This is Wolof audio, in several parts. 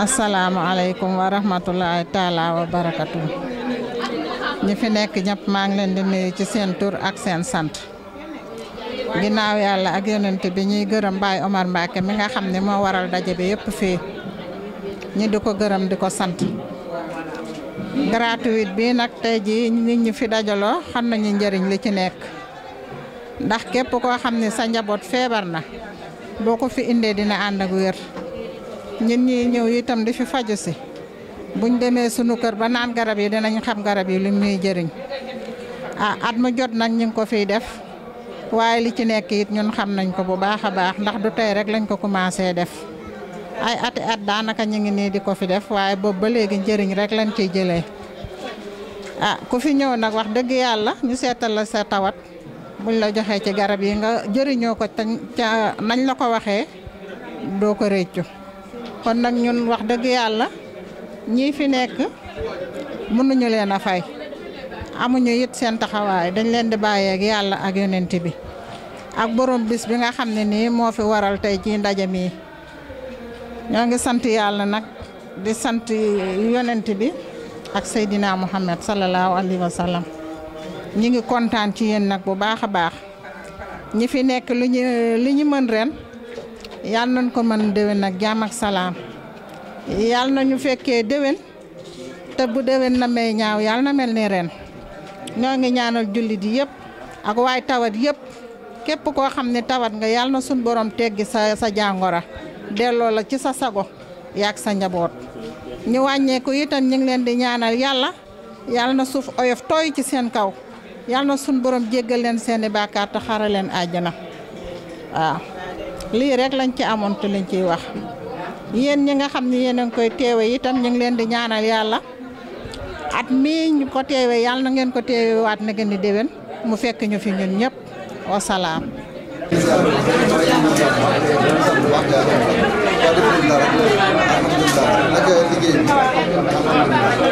asalaamualeykum wa rahmatulahi taala wa barakatu ñi fi nekk ñëpp maa ngi leen di nuyu ci seen tur ak seen sant ginnaaw yàlla ak yonent bi ñuy gërëm Baye Omar Mbacke mi nga xam ne moo waral daje bi yépp fii ñi di ko gërëm di ko sant gratuite bii nag tey jii nit ñi fi dajaloo xam nañu njariñ li ci nekk ndax képp koo xam ne sa njaboot feebar na boo ko fi indee dina ànd ak wér ñun ñii ñëw itam di fi faju si buñ demee sunu kër ba naan garab yi dinañ xam garab yi lim ñuy jëriñ ah at mu jot nañ ñu ko fiy def waaye li ci nekk it ñun xam nañ ko bu baax a baax ndax du tey rek lañ ko commencé def ay ati at daanaka ñu ngi nii di ko fi def waaye boobu ba léegi njëriñ rek lañ ciy jëlee a ah, ku fi ñëw nag wax dëgg yàlla ñu seetal la sa tawat buñ la joxee ci garab yi nga jëriñoo ko te nañ la ko waxee doo ko réccu kon nag ñun wax dëgg yàlla ñii fi nekk mënuñu leen a fay amuñu yit seen taxawaay dañ leen di bàyyee yàlla ak yonent bi ak borom bis bi nga xam ne nii moo fi waral tey ci ndaje mi ñoo ngi sant yàlla nag di sant yonent bi ak Seydina Muhammad sallallahu alayhi wa sallam ñi ngi kontaan ci yéen nag bu baax a baax ñi fi nekk lu ñu li ñu mën ren. yal nañ ko mën déwén ak jaam salaam yal na ñu fekkee déwén te bu déwén na may ñaaw yal na mel ni ren ñoo ngi ñaanal jullit yépp ak waay tawat yépp képp koo xam ne tawat nga yal na suñ borom teggi sa sa jàngoro delloo la ci sa sago yaak sa njaboot ñu wàññeeku itam ñu ngi leen di ñaanal yàlla yal na suuf oyof tooy ci seen kaw yal na suñ borom jéggal leen seeni bàkkaar te xara leen àjjana waaw lii rekk lañ ci amoon te lañ ciy wax yéen ñi nga xam ne yéen a ngi koy teewe itam ñu ngi leen di ñaanal yàlla at mii ñu ko teewe yàlla na ngeen ko teewe waat na ngeen di déwén mu fekk ñu fi ñun ñëpp wasalaam waaw def nañ dara alhamdulilah nag liggéey bi waaw demal nañ ko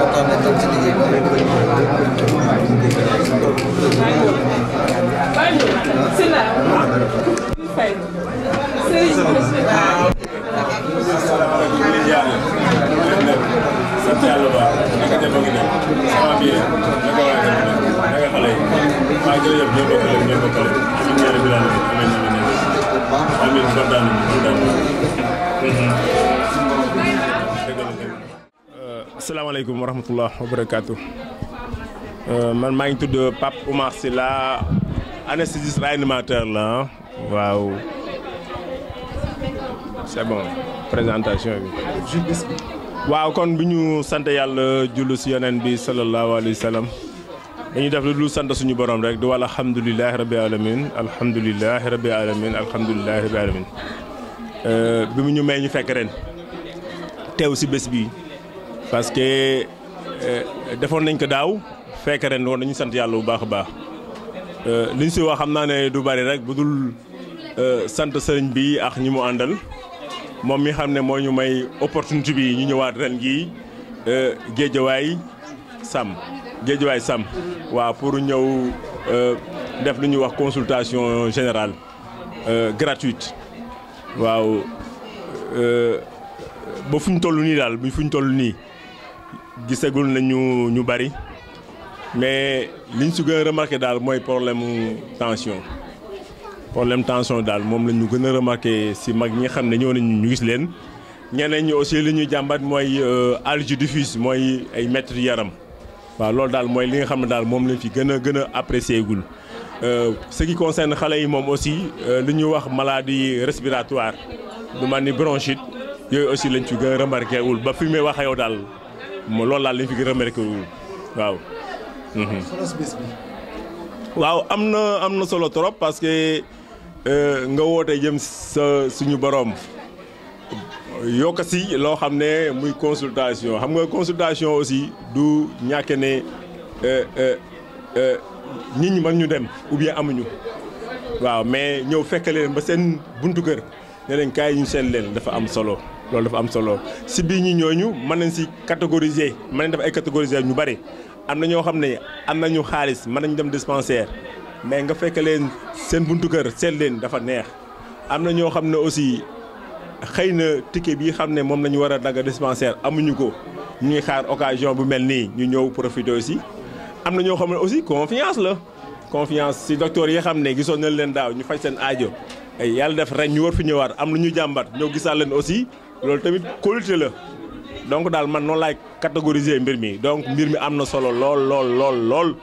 waxtaan nañ tam si liggéey bi. waaw amiin kontaan nañu asalaamaaleykum maa ngi tudd Pape Oumar Sylla la waaw c'est présentation bi. waaw kon bi ñu sant yàlla jullu si bi sallallahu alayhi wa sallam. dañuy def lu dul sant suñu borom rek du wàll alhamdulilahi rabi alamin alhamdulilahi rabi alamin alhamdulilahi rabi alamin euh, bi mu ñu may ñu fekk ren teew si bés bi parce que euh, defoon nañ ko daaw fekk ren woon dañu sant yàlla bu baax a baax euh, liñ si wax xam naa ne du bari rek bu dul sant sëriñ bi ak ñi mu àndal moom mi xam ne moo ñu may opportunité bi ñu ñëwaat ren gii géejawaay sàmm Guédiawaye Sam waaw pour ñëw euh, def lu ñuy wax consultation générale euh, gratuite waaw euh, ba fu ñu toll nii daal bi fu ñu toll nii gisagul nañu ñu bari mais liñ si gën a remarqué daal mooy problème tension problème tension daal moom la ñu gën a remarqué si mag ñi xam ne ñoo nañu ñu gis leen ñeneen ñi aussi li ñuy jàmbat mooy allergie diffuse mooy ay maître yaram waaw loolu daal mooy li nga xam ne daal moom lañ fi gën a gën a apprécié gul euh, ce qui concerne xale yi moom aussi euh, li ñuy wax maladie respiratoire lu ma ni bronchite yooyu aussi lañ fi gën a remarqué wul ba fi may wax yow daal moo loolu daal lañ fi gën a remarqué wul waaw. Mhm. waaw am na am na solo trop parce que euh, nga woote jëm sa suñu boroom. yokk si loo xam ne muy consultation xam nga consultation aussi du ñàkke ne euh, euh, euh, nit ñi mën ñu dem ou amuñu waaw mais ñëw fekk leen ba seen buntu kër ne leen kaay ñu seen leen dafa am solo loolu dafa am solo si biir ñi ñu mën nañ si catégoriser mën nañ def ay catégoriser ñu bari am na ñoo xam ne am nañu xaalis mën nañ dem dispensaire mais nga fekk leen seen buntu kër seen leen dafa neex am na ñoo xam ne aussi. xëy na ticket bi xam ne moom la ñu war a dagg dispensaire amuñu ko ñuy xaar occasion bu mel nii ñu ñëw profité aussi am na ñoo xam ne aussi confiance la confiance si docteur yi xam ne gisoon nañ leen daaw ñu faj seen aajo yàlla def ren ñu war fi ñëwaat am na ñu jàmbat ñoo gisaal leen aussi loolu tamit qualité la donc daal man noonu laay catégoriser mbir mi donc mbir mi am na solo lool lool lool lool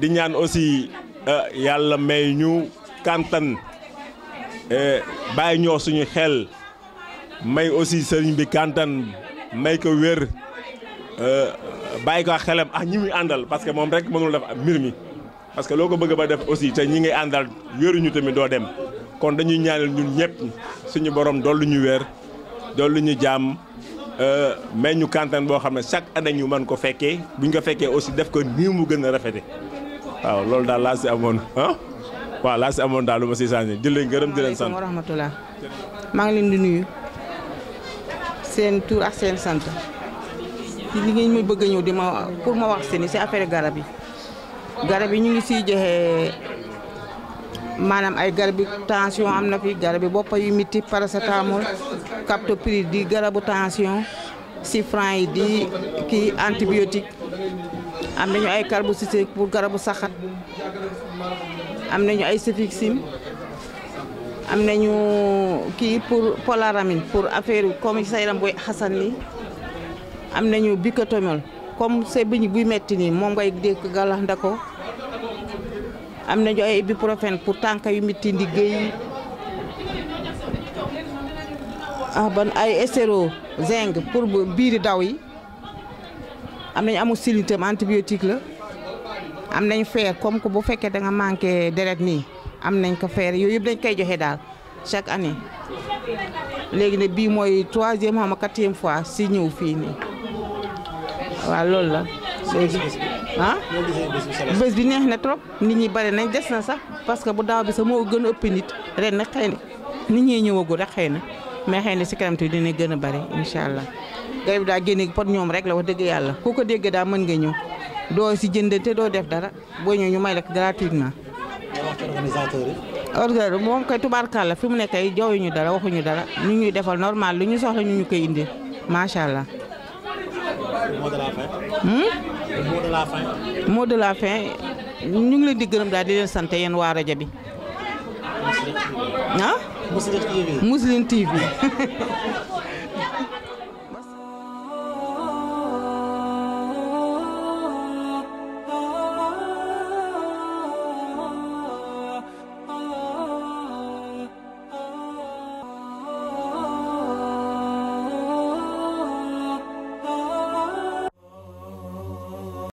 di ñaan aussi euh, yàlla may ñu kantan euh, bàyyi ñoo suñu xel may aussi sëriñ bi kantan may ko wér euh, bàyyi ko xelam ak ñi muy àndal parce que moom rek mënul def mbir mi parce que loo ko bëgg ba def aussi te ñi ngay àndal wéruñu tamit doo dem kon dañuy ñaanal ñun ñëpp suñu borom lu ñu wér lu ñu jaam euh, may ñu kantan boo xam ne chaque année ñu man ko fekkee buñ ko fekkee aussi def ko nii mu gën a rafete waaw loolu daal laa si amoon ah waaw laa si amoon daal lu ma si sànni gërëm di leen sant. maa ngi seen tur ak seen sant ci li ngeen mu bëgg ñëw di ma pour ma wax seeni si affaire garab yi garab yi ñu ngi si joxe maanaam ay garab yi tension am na fi garab yi bopp yu métti paracetamol captopril di garabu si sifran yi di kii antibiotique am nañu ay carbocyclique pour garabu saxat am nañu ay cefixime am nañu kii pour polaramine pour affaire comme sa yaram booy xasan li am nañu bicotamol comme sa biñ buy metti nii moom ngay dékk galax am nañu ay ibuprofène pour tànk yu metti ndigg yi ah, ban ay stéro zinc pour biiri daw yi am nañu amoxicillin tam antibiotique la am nañu fer comme que bu fekkee da nga manqué deret nii am nañ ko feere yooyu yëpp dañ koy joxe daal chaque année léegi ne bii mooy troisième xama quatrième fois si ñëw fii nii waa loolu la léegi ah bi neex na trop nit ñi bare nañ des na sax parce que bu daaw bi sax moo gën a ëpp nit ren nag xëy nit ñee ñëwagul rek xëy na mais xëy na si kanam tuuti dina gën a bare incha allah garab bi daa génne pot ñoom rek la wax dëgg yàlla ku ko dégg daal mën nga ñëw doo si jëndante doo def dara boo ñëw ñu may la gratuitement wax ci organisateurs yi. organisateurs moom fi mu nekk ay jooyuñu dara waxuñu dara ñu ñuy defal normal lu ñu soxla ñu ñu koy indi macha allah. Hmm? mot de la fin. mot de la ñu ngi leen di gërëm daal di leen sant yéen waa rajo bi. ah. Muslim TV. Muslim